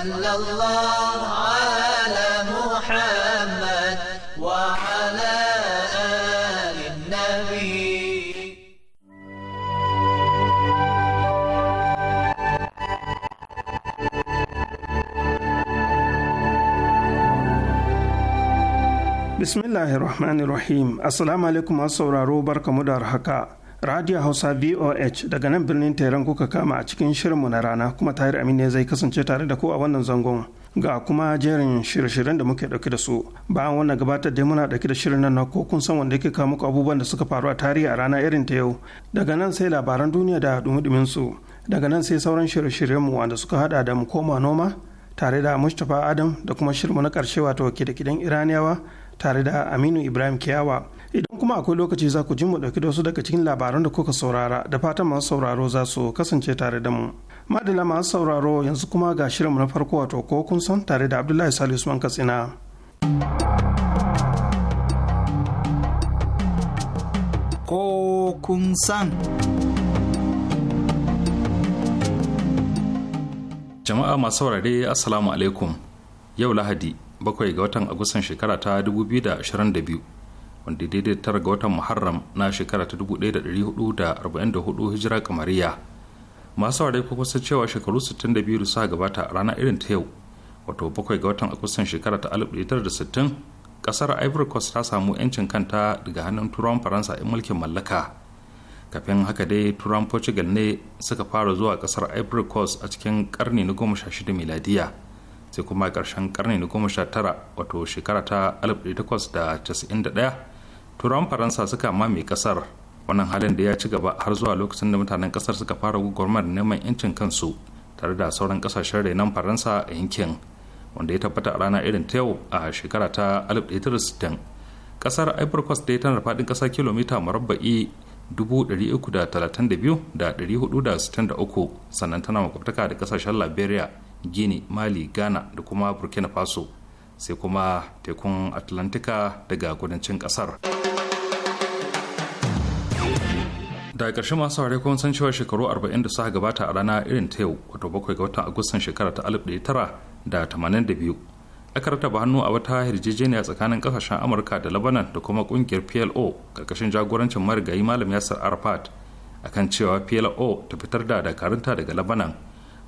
صلى الله على محمد وعلى آل النبي Bismillahirrahmanirrahim. Assalamu alaikum masu sauraro barkamu da haka. radio hausa voh daga nan birnin tehran kuka kama a cikin shirinmu na rana kuma tahir ne zai kasance tare da ku a wannan zangon ga kuma jerin shirye-shiryen da muke dauke da su bayan wannan gabatar da muna dauke da shirin nan na ko kun san wanda yake kawo muku abubuwan da suka faru a tarihi a rana irin ta yau daga nan sai labaran duniya da dumi su daga nan sai sauran shirye shiryen mu wanda suka hada da mu koma noma tare da mustapha adam da kuma shirmu na karshe wato da kidan iraniyawa tare da aminu ibrahim kiyawa idan kuma akwai lokaci za ku ji mu ɗauki wasu daga cikin labaran da kuka saurara da fatan masu sauraro za su kasance tare da mu madala masu sauraro yanzu kuma ga shirinmu na farko wato ko kun san tare da abdullahi salisu usman katsina ko kun san jama'a masu saurare assalamu alaikum yau lahadi bakwai ga watan agustan shekara ta 2022 wanda daidai tara ga watan muharram na shekara ta 1444 hijira kamariya masu ware kuma sun cewa shekaru 62 da suka gabata a ranar irin ta yau wato bakwai ga watan agustan shekara ta 1960 kasar ivory coast ta samu 'yancin kanta daga hannun turawan faransa in mulkin mallaka kafin haka dai turawan portugal ne suka fara zuwa kasar ivory coast a cikin karni na 16 miladiya sai kuma ƙarshen karni na goma sha tara wato shekara ta 1891 turawan faransa suka mame ƙasar wannan halin da ya ci gaba har zuwa lokacin da mutanen ƙasar suka fara gwagwarmar neman 'yancin kansu tare da sauran ƙasashen renon faransa a yankin wanda ya tabbata a rana irin ta yau a shekara ta 1960 ƙasar ivory coast dai tana faɗin ƙasa kilomita murabba'i 463 sannan tana makwabtaka da ƙasashen liberia gini mali ghana da kuma burkina faso sai kuma tekun atlantika daga kudancin kasar daga ƙarshe masu saurare kuma san cewa shekaru 40 da suka gabata a rana irin ta yau wato bakwai ga watan agustan shekara ta 1982 aka rataba hannu a wata yarjejeniya tsakanin kasashen amurka da labanan da kuma kungiyar plo karkashin jagorancin marigayi malam yasir arafat akan cewa plo ta fitar da dakarunta daga labanan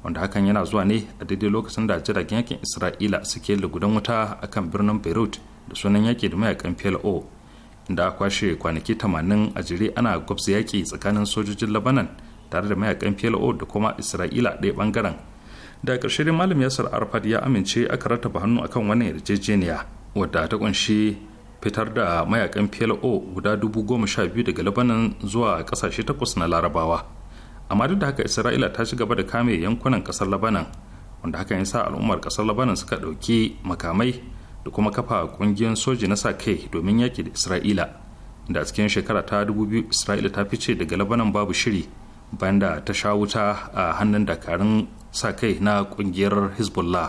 wanda hakan yana zuwa ne a daidai lokacin da jiragen yakin isra'ila suke lugudan wuta a kan birnin beirut da sunan yaƙi da mayakan plo inda a kwashe kwanaki tamanin a jere ana gwabza yaƙi tsakanin sojojin labanan tare da mayakan plo da kuma isra'ila ɗaya bangaren. da ƙarshe dai malam yasar arfad ya amince aka rattaba hannu akan wannan yarjejeniya wadda ta kunshi fitar da mayakan plo guda dubu goma sha biyu daga labanan zuwa ƙasashe takwas na larabawa amma duk da haka isra'ila ta ci gaba da kame yankunan kasar labanan wanda hakan ya sa al'ummar kasar labanan suka ɗauki makamai da kuma kafa ƙungiyar soji na sa kai domin yaƙi da isra'ila da a cikin shekara ta 2000 isra'ila ta fice daga labanan babu shiri bayan da ta sha wuta a hannun dakarun sa kai na ƙungiyar hezbollah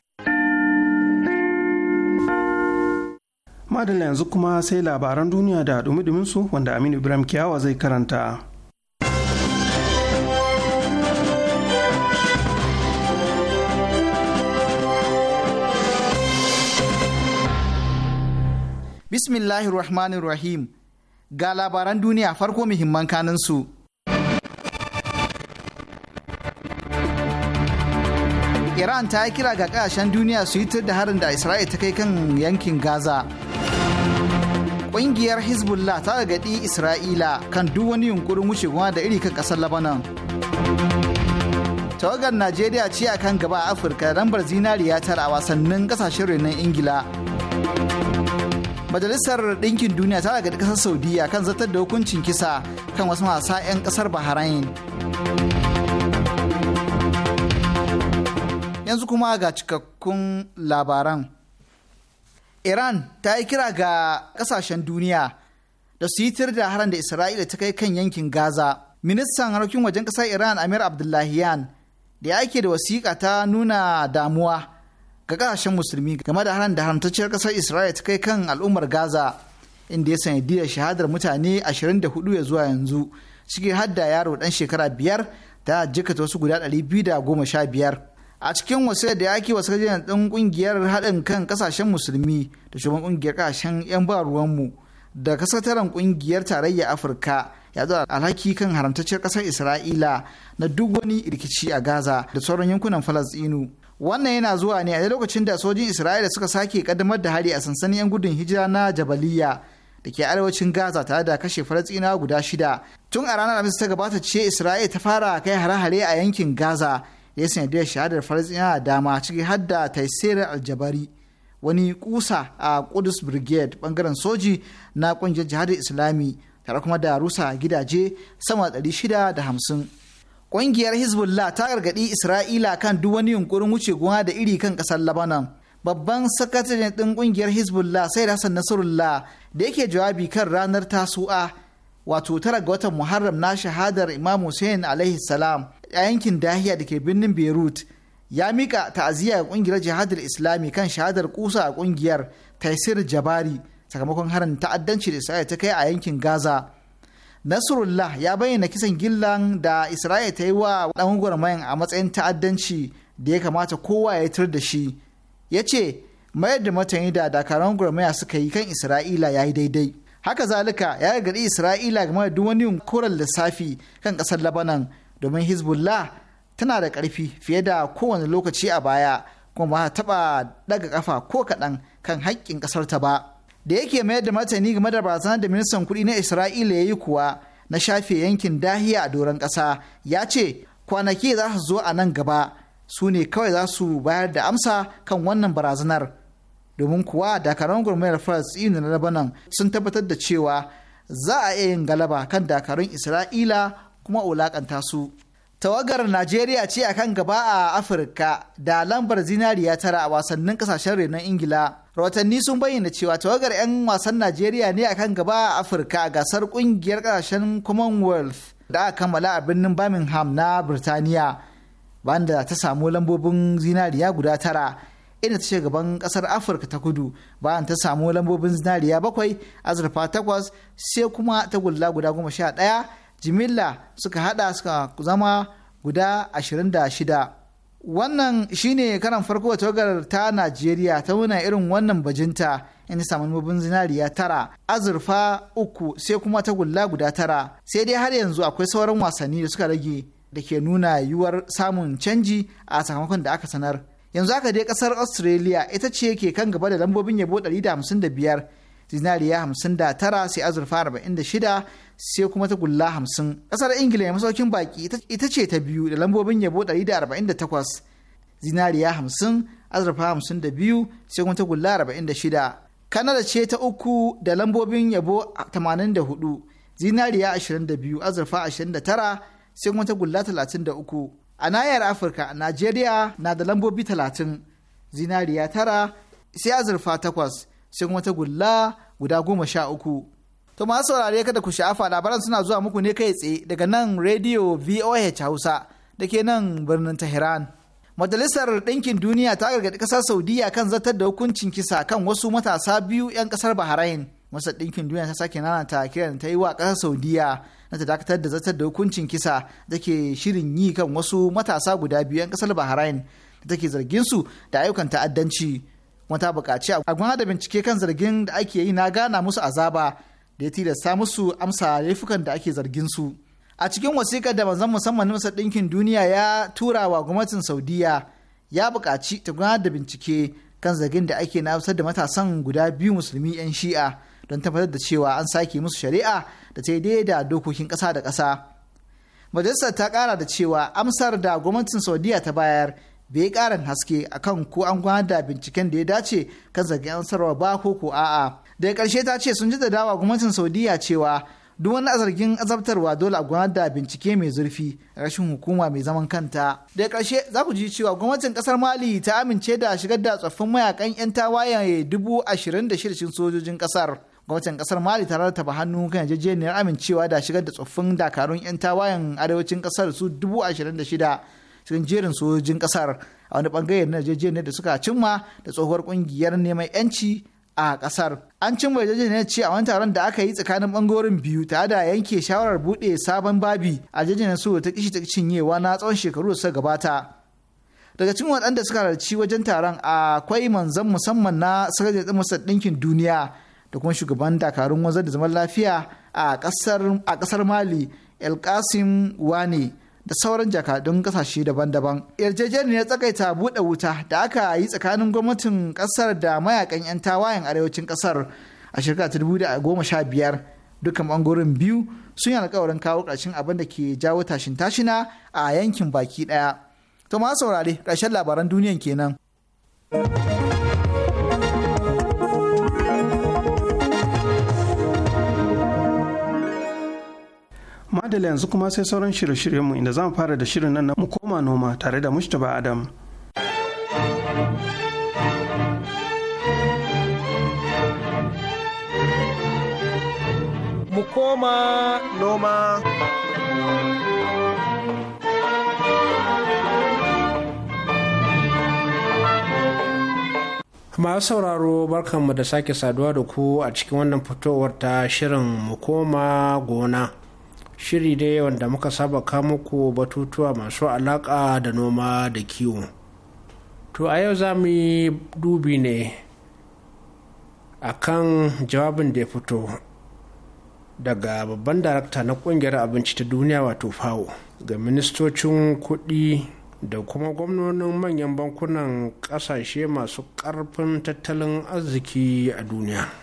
madalla yanzu kuma sai labaran duniya da dumi su wanda Aminu Ibrahim Kiyawa zai karanta. Bismillahirrahmanirrahim ga labaran duniya farko muhimman kaninsu. Iran ta yi kira ga kasashen duniya su yi da harin da Isra'il ta kai kan yankin Gaza. Kungiyar Hezbollah ta gaɗi Isra'ila kan duk wani yunkurin wucewa da iri kan ƙasar Lebanon. Tawagar Najeriya ce a kan gaba a Afirka da lambar zinariya tara a wasannin ƙasashen renon Ingila. Majalisar Ɗinkin Duniya ta gaɗi ƙasar Saudiya kan zartar da hukuncin kisa kan wasu masu 'yan ƙasar Bahrain. Yanzu kuma ga cikakkun labaran. Iran ta yi kira ga ƙasashen duniya da su yi tir da haran da Isra'ila ta kai kan yankin Gaza. Ministan harkokin wajen ƙasar Iran Amir Abdullahiyan da ya ke da wasiƙa ta nuna damuwa ga ƙasashen musulmi game da haran da haramtacciyar ƙasar Isra'ila ta kai kan al'ummar Gaza inda ya sanya diyar shahadar mutane ashirin da hudu ya zuwa yanzu ciki hadda yaro dan shekara biyar ta jikata wasu guda ɗari biyu da goma sha biyar. a cikin wasu da yaki wasu kajiyar ɗan ƙungiyar haɗin kan ƙasashen musulmi da shugaban ƙungiyar ƙasashen 'yan ba ruwanmu da kasataren ƙungiyar tarayyar afirka ya zo alhaki kan haramtacciyar ƙasar isra'ila na duk wani rikici a gaza da sauran yankunan falasɗinu. wannan yana zuwa ne a lokacin da sojin isra'ila suka sake kaddamar da hari a sansanin 'yan gudun hijira na jabaliya da ke arewacin gaza tare da kashe falastinawa guda shida tun a ranar alhamis ta gabata ce isra'ila ta fara kai hare-hare a yankin gaza ya sanadiyar shahadar falasɗinawa a dama ciki har da taisirar aljabari wani kusa a Qudus Brigade bangaren soji na kungiyar jihadar Islami tare kuma da rusa gidaje sama da hamsin. Kungiyar Hezbollah ta gargaɗi Isra'ila kan duk wani yunkurin wuce gona da iri kan kasar Lebanon. Babban sakataren ɗin kungiyar Hezbollah sai Hassan Nasrullah da yake jawabi kan ranar Tasu'a wato tara ga watan Muharram na shahadar Imam Hussein alaihi salam yankin dahiya da ke birnin beirut ya mika ta'aziyya ga kungiyar jihadar islami kan shahadar kusa a kungiyar taisir jabari sakamakon harin ta'addanci da isra'ila ta kai a yankin gaza nasrullah ya bayyana kisan gillan da isra'ila ta yi wa dan gwagwarmayan a matsayin ta'addanci da ya kamata kowa ya tur da shi ya ce mayar da matani da dakaran gwagwarmaya suka yi kan isra'ila ya yi daidai haka zalika ya gargaɗi isra'ila game da duk wani yunkurar lissafi kan ƙasar labanan domin hezbollah tana da ƙarfi fiye da kowane lokaci a baya kuma ba taba daga kafa ko kaɗan kan haƙƙin ƙasar ta ba da yake mayar da martani game da barazanar da ministan kuɗi na isra'ila ya yi kuwa na shafe yankin dahiya a doron ƙasa ya ce kwanaki za su zo a nan gaba su ne kawai za su bayar da amsa kan wannan barazanar domin kuwa dakarun gwamnatin falasɗinu na labanan sun tabbatar da cewa za a iya yin galaba kan dakarun isra'ila kuma wulakanta su. Tawagar Najeriya ce akan gaba a Afirka da lambar zinariya tara a wasannin kasashen renon Ingila. rawatanni sun bayyana cewa tawagar 'yan wasan Najeriya ne akan gaba a Afirka a gasar kungiyar kasashen Commonwealth da aka kammala a birnin Birmingham na Birtaniya. Banda ta samu lambobin zinariya guda tara inda ta gaban kasar Afirka ta kudu bayan ta samu lambobin zinariya bakwai azurfa takwas sai kuma ta gulla guda goma sha ɗaya jimilla suka hada suka zama guda 26 wannan shine karan farko da tawagar ta najeriya ta nuna irin wannan bajinta inda samu mabin zinariya tara azurfa uku sai kuma ta gulla guda tara sai dai har yanzu akwai sauran wasanni da suka rage da ke nuna yiwuwar samun canji a sakamakon da aka sanar yanzu aka dai kasar australia ita ce ke kan gaba da lambobin yabo 155 zinariya 59 sai azurfa 46 sai kuma ta gulla hamsin ƙasar ingila ya masaukin baki ita ce ta biyu da lambobin yabo 148 zinariya hamsin azurfa hamsin da biyu sai kuma ta gulla arba'in da shida kanada ce ta uku da lambobin yabo tamanin da hudu zinariya ashirin da biyu azurfa ashirin da tara sai kuma ta gulla talatin da uku a nahiyar afirka najeriya na da lambobi talatin zinariya tara sai azurfa takwas sai kuma ta gulla guda goma sha uku To masu saurare da ku sha'afa labaran suna zuwa muku ne kai tsaye daga nan Radio VOH Hausa da ke nan birnin Tehran. Majalisar Ɗinkin Duniya ta gargaɗi ƙasar Saudiya kan zartar da hukuncin kisa kan wasu matasa biyu 'yan ƙasar Bahrain. Masar Ɗinkin Duniya ta sake ta kiran ta yi wa ƙasar Saudiya na ta dakatar da zartar da hukuncin kisa da ke shirin yi kan wasu matasa guda biyu 'yan ƙasar Bahrain da take zargin su da ayyukan ta'addanci. Kuma ta buƙaci a gwamnati da bincike kan zargin da ake yi na gana musu azaba da ya tilasta musu amsa laifukan da ake zargin su. A cikin wasikar da manzon musamman na Masar Duniya ya tura wa gwamnatin Saudiya ya buƙaci ta gudanar da bincike kan zargin da ake na da matasan guda biyu musulmi 'yan shi'a don tabbatar da cewa an sake musu shari'a da ta daidai da dokokin ƙasa da ƙasa. Majalisar ta ƙara da cewa amsar da gwamnatin Saudiya ta bayar bai ƙarin haske akan ko an gudanar da binciken da ya dace kan zargin sarwa ba ko ko a'a. daga karshe ta ce sun ji da dawa gwamnatin saudiya cewa duk wani azargin azabtarwa dole a gudanar da bincike mai zurfi rashin hukuma mai zaman kanta da karshe za ku ji cewa gwamnatin kasar mali ta amince da shigar da tsoffin mayakan 'yan tawaye dubu ashirin da shirin sojojin ƙasar gwamnatin ƙasar mali ta rarraba hannu kan yarjejeniyar amincewa da shigar da tsoffin dakarun 'yan tawayen arewacin kasar su dubu ashirin da shida cikin jerin sojojin ƙasar a wani bangare na yarjejeniyar da suka cimma da tsohuwar ƙungiyar neman 'yanci a kasar an cin yarjejeniyar ce a wani taron da aka yi tsakanin bangorin biyu tare da yanke shawarar buɗe sabon babi a yarjejeniyar su ta kishi ta cinyewa na tsawon shekaru da suka gabata daga cikin waɗanda suka halarci wajen taron akwai manzan musamman na sakajin masar ɗinkin duniya da kuma shugaban dakarun wanzar da zaman lafiya a ƙasar mali el kasim wane da sauran jakadun kasashe daban-daban. Yarjejeniyar tsakaita buɗe wuta da aka yi tsakanin gwamnatin ƙasar da mayakan 'yan tawayen arewacin ƙasar a shekara ta dubu da goma sha biyar dukkan ɓangaren biyu sun yi alkawarin kawo ƙarshen abin da ke jawo tashin tashina a yankin baki ɗaya. To ma saurare ƙarshen labaran duniyan kenan. madala yanzu kuma sai sauran shirye-shiryenmu inda za mu fara da shirin nan mu koma noma tare da mustapha adam mu koma noma masu sauraro barkanmu da sake saduwa da ku a cikin wannan fitowar ta shirin mu koma gona shiri dai wanda muka saba ku batutuwa masu alaƙa da noma da kiwo to a yau za mu yi dubi ne a kan jawabin da ya fito daga babban darakta na kungiyar abinci ta duniya wato fawo ga ministocin kuɗi da kuma gwamnonin manyan bankunan ƙasashe masu ƙarfin tattalin arziki a duniya.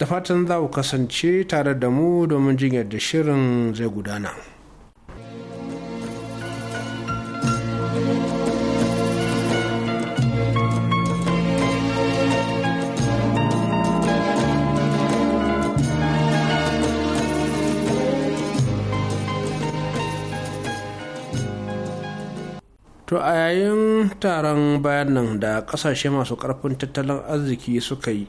da fatan za ku kasance tare da mu domin jin yadda shirin zai gudana. to a yayin taron bayanan da kasashe masu karfin tattalin arziki suka yi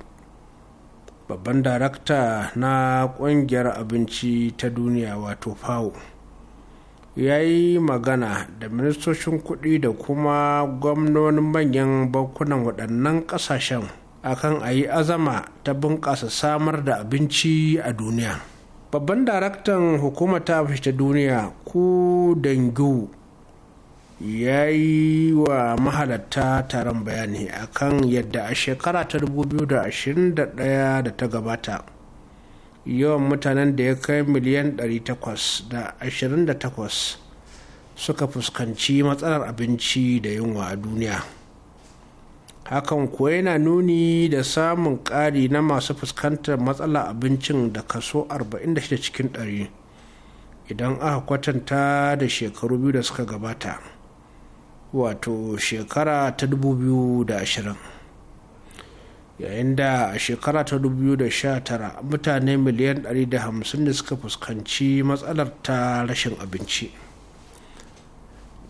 babban darakta na kungiyar abinci ta duniya wato fao ya yi magana da ministocin kuɗi da kuma gwamnonin manyan bankunan waɗannan ƙasashen akan a yi azama ta bunƙasa samar da abinci a duniya babban daraktan hukumar ta ta duniya ku dangu ya yi wa mahalatta taron bayani akan yadda a shekara ta 2021 da ta gabata yawan mutanen da ya kai miliyan 828 suka fuskanci matsalar abinci da yunwa a duniya hakan kuwa yana nuni da samun ƙari na masu fuskantar matsalar abincin da kaso 46 cikin 100 idan aka kwatanta da shekaru biyu da suka gabata wato shekara ta 2020 yayin da a shekara ta 2019 mutane miliyan 150 ne suka fuskanci matsalar ta rashin abinci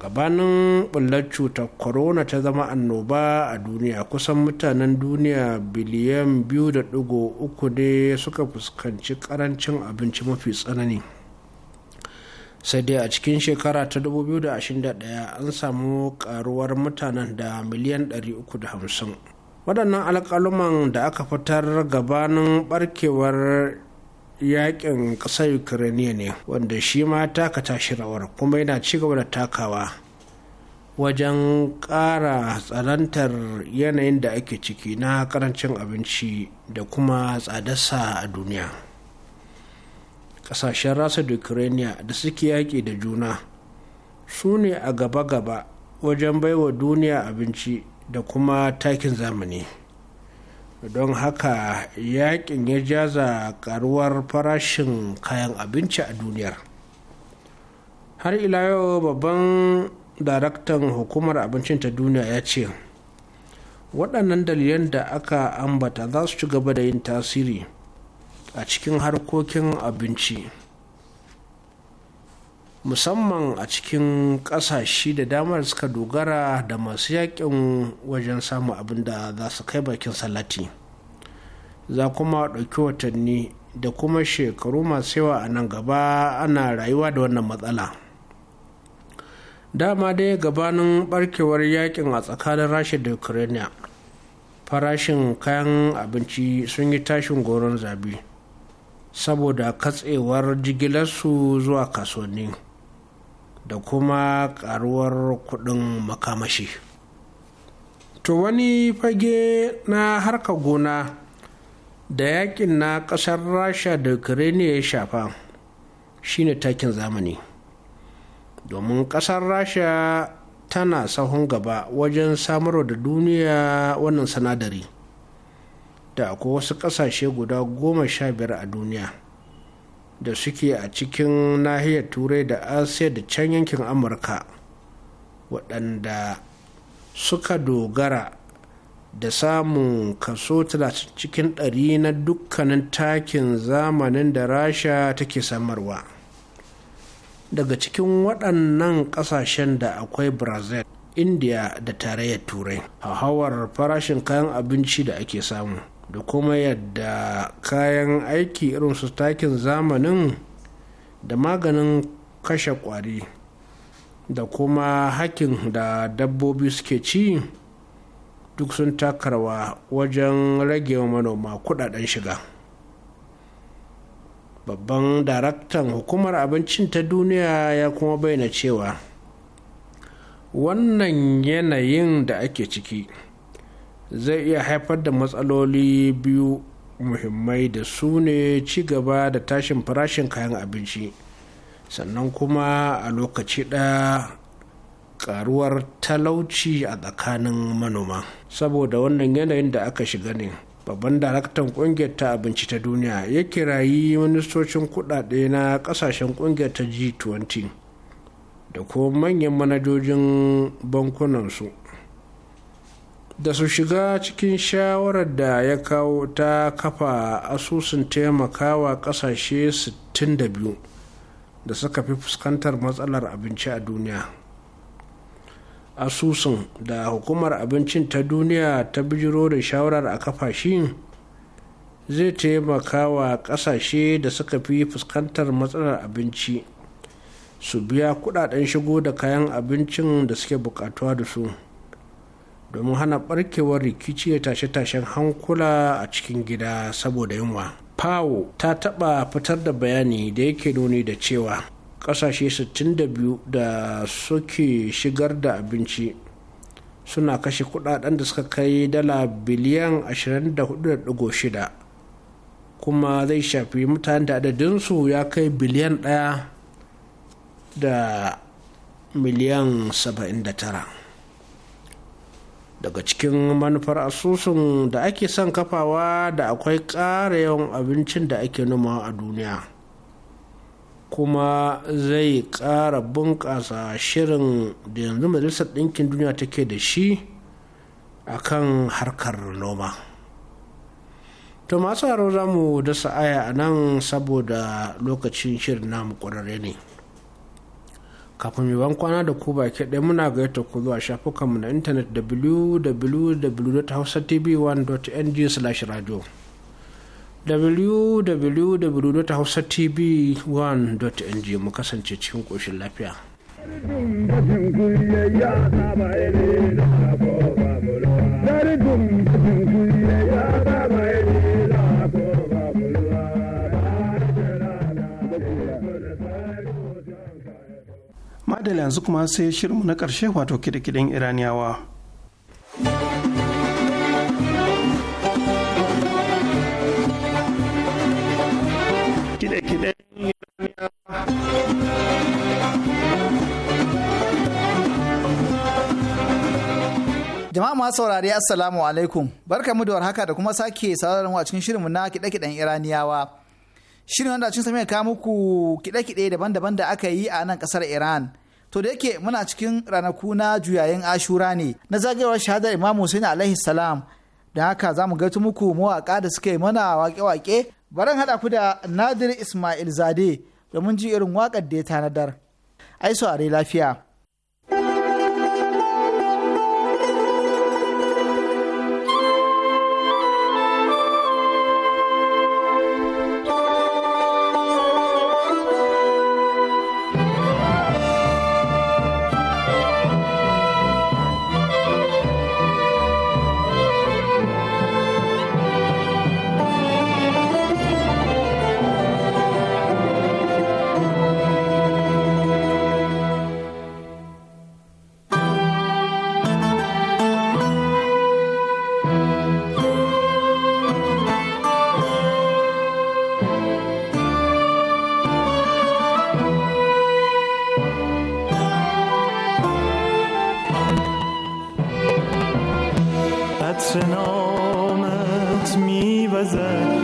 gabanin bullar cutar corona ta zama annoba a duniya kusan mutanen duniya biliyan 2.3 ne suka fuskanci karancin abinci mafi tsanani sai dai a cikin shekara ta 2021 an samu karuwar mutanen da miliyan 350 waɗannan alƙaluman da aka fitar gabanin barkewar yaƙin ƙasar ukraine ne wanda shi ma taka tashi rawar kuma yana ci gaba da takawa wajen ƙara tsanantar yanayin da ake ciki na ƙarancin abinci da kuma tsadarsa a duniya. kasashen rasa da ukraine da suke yaƙi da juna su ne a gaba-gaba wajen baiwa duniya abinci da kuma takin zamani don haka yakin ya jaza karuwar farashin kayan abinci a duniyar har ila yau babban daraktan hukumar abincin ta duniya ya ce waɗannan dalilan da aka ambata za su ci gaba da yin tasiri a cikin harkokin abinci musamman a cikin ƙasashe da damar suka dogara da masu yakin wajen samun abin da za su kai bakin salati za kuma ɗauki watanni da kuma shekaru masu yawa a nan gaba ana rayuwa da wannan matsala dama dai gabanin barkewar yakin a tsakanin rasha da ukraine farashin kayan abinci sun yi tashin goron zabi saboda katsewar jigilar su zuwa kasuwanni da kuma karuwar kudin makamashi to wani fage na harka gona da yakin na kasar rasha da ukraine ya shafa shine takin zamani domin kasar rasha tana sahun gaba wajen samarwa da duniya wannan sanadari da akwai wasu ƙasashe guda goma sha biyar a duniya da suke a cikin nahiyar turai da asiya da can yankin amurka waɗanda suka dogara da samun kaso 30 cikin ɗari na dukkanin takin zamanin da rasha take samarwa daga cikin waɗannan ƙasashen da akwai brazil india da tarayyar turai hauhawar farashin kayan abinci da ake samu da kuma yadda kayan aiki irin su takin zamanin da maganin kashe kwari da kuma hakin da dabbobi suke ci duk sun takarwa wajen rage manoma kudaden shiga babban daraktan hukumar abincin ta duniya ya kuma bayyana cewa wannan yanayin da ake ciki zai iya haifar da matsaloli biyu muhimmai da su ne ci gaba da tashin farashin kayan abinci sannan kuma a lokaci ɗaya karuwar talauci a tsakanin manoma saboda wannan yanayin da aka shiga ne babban daraktan kungiyar ta abinci ta duniya ya kirayi ministocin kudade na kasashen kungiyar ta g20 da kuma manyan manajojin bankunansu da su shiga cikin shawarar da ya kawo ta kafa asusun taimakawa kasashe 62 da suka fi fuskantar matsalar abinci a duniya asusun da hukumar abincin ta duniya ta bijiro da shawarar a kafa shi zai taimaka wa kasashe da suka fi fuskantar matsalar abinci su biya kudaden shigo da kayan abincin da suke bukatuwa da su domin hana barkewar rikici da tashe-tashen hankula a cikin gida saboda yunwa. Pawo ta taɓa fitar da bayani da yake nuni da cewa ƙasashe 62 da suke shigar da abinci suna kashe kudaden da suka kai dala biliyan 24.6 kuma zai shafi mutane da adadinsu ya kai biliyan 1 da miliyan 79. daga cikin manufar asusun da ake son kafawa da akwai ƙara yawan abincin da ake noma a duniya kuma zai ƙara bunƙasa shirin da yanzu majalisar ɗinkin duniya take da shi a kan harkar noma to masu haro za mu dasa aya a nan saboda lokacin shirin namu ƙwararre ne kafin mai ban kwana da ku baki ɗaya muna gayyata ku zuwa shafukanmu na intanet www.hausatv1.ng/radio www.hausatv1.ng mu kasance cikin ƙoshin lafiya. Dari dum da yanzu kuma sai shirinmu na ƙarshe wato kiɗe iraniyawa Jama'a masu saurari Assalamu alaikum. Barka mu da warhaka da kuma sake sauraron a cikin shirinmu na kiɗe-kiɗen Iraniyawa. Shirin wanda cin samiyar kawo muku kiɗe-kiɗe daban-daban da aka yi a nan kasar Iran to da yake muna cikin ranaku na juyayen ashura ne na zagayewar shahadar imam hussein alaihi salam don haka za mu gaitu muku mawaƙa da suka yi mana waƙe-waƙe baran haɗa ku da nadir ismail zade domin ji irin waƙar da ya tanadar ai saurari lafiya سنامت میوزد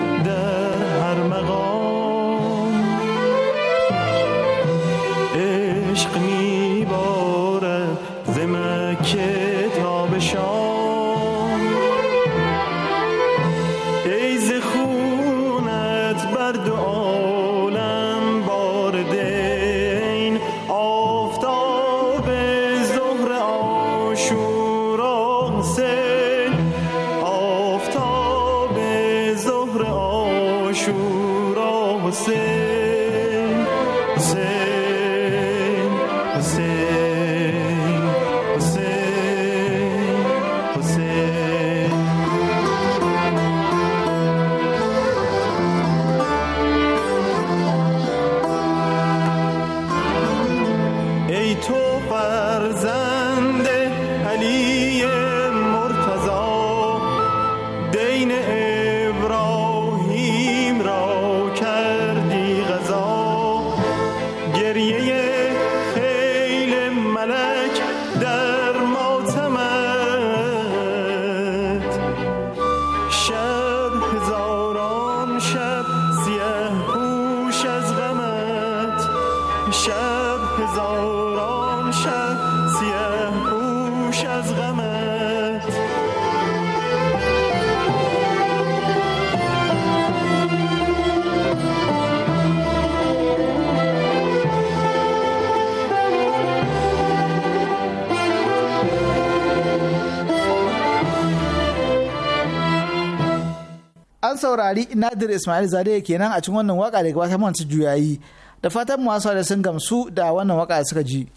saurari Nadir Ismail Zade kenan a cikin wannan waka da gabatar mansu juyayi da fatan mu da sun gamsu da wannan waka da suka ji.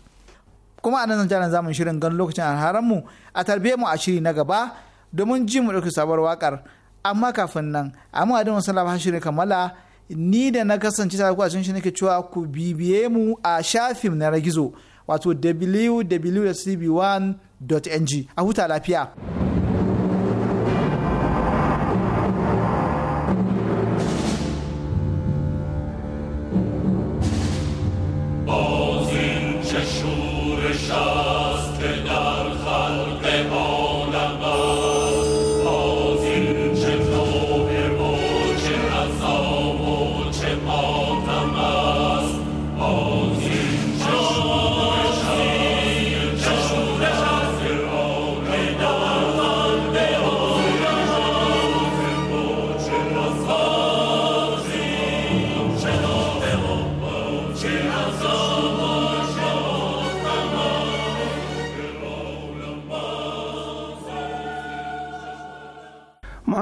Kuma a nan zan zamu shirin gan lokacin alharan mu a tarbiyyar mu a shiri na gaba domin ji mu ɗauki sabuwar wakar amma kafin nan mu adin wasu labar shirin kammala ni da na kasance ta ku a cikin shi nake cewa ku bibiye mu a shafin na ragizo wato www.cb1.ng a huta lafiya.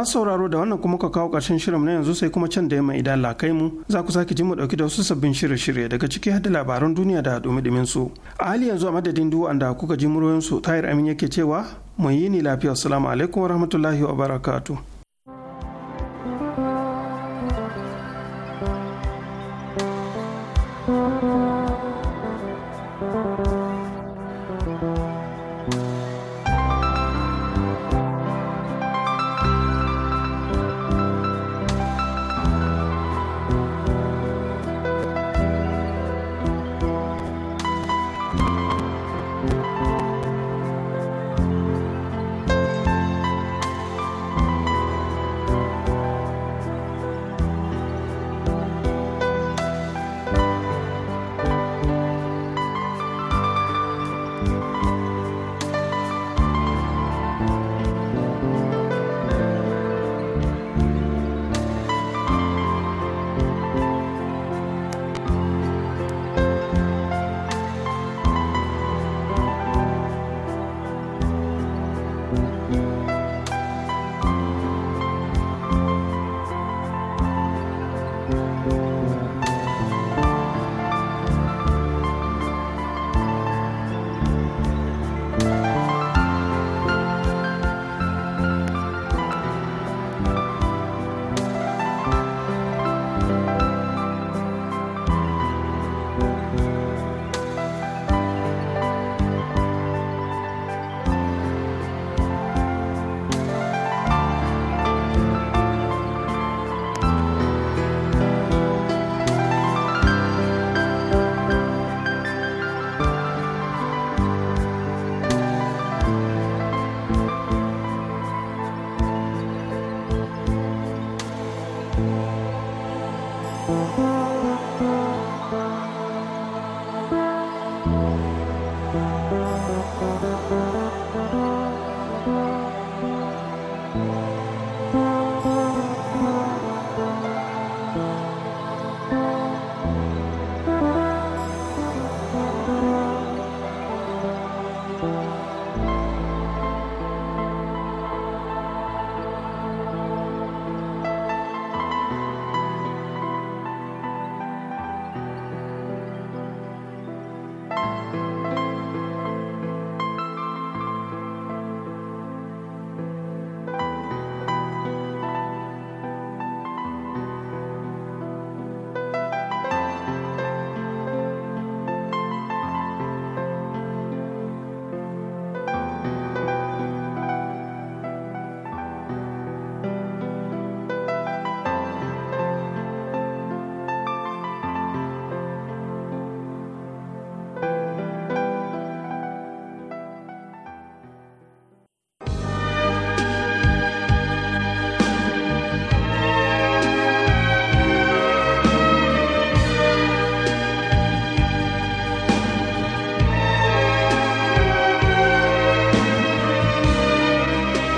masu sauraro da wannan kuma ka kawo ƙarshen shirin na yanzu sai kuma can da yamma idan lakai mu za ku sake ji mu dauki da wasu sabbin shirye-shirye daga ciki har da labaran duniya da dumi-dumin su a hali yanzu a madadin duk da kuka ji muryoyin su tahir amin yake cewa mu yi ni lafiya assalamu alaikum wa barakatu.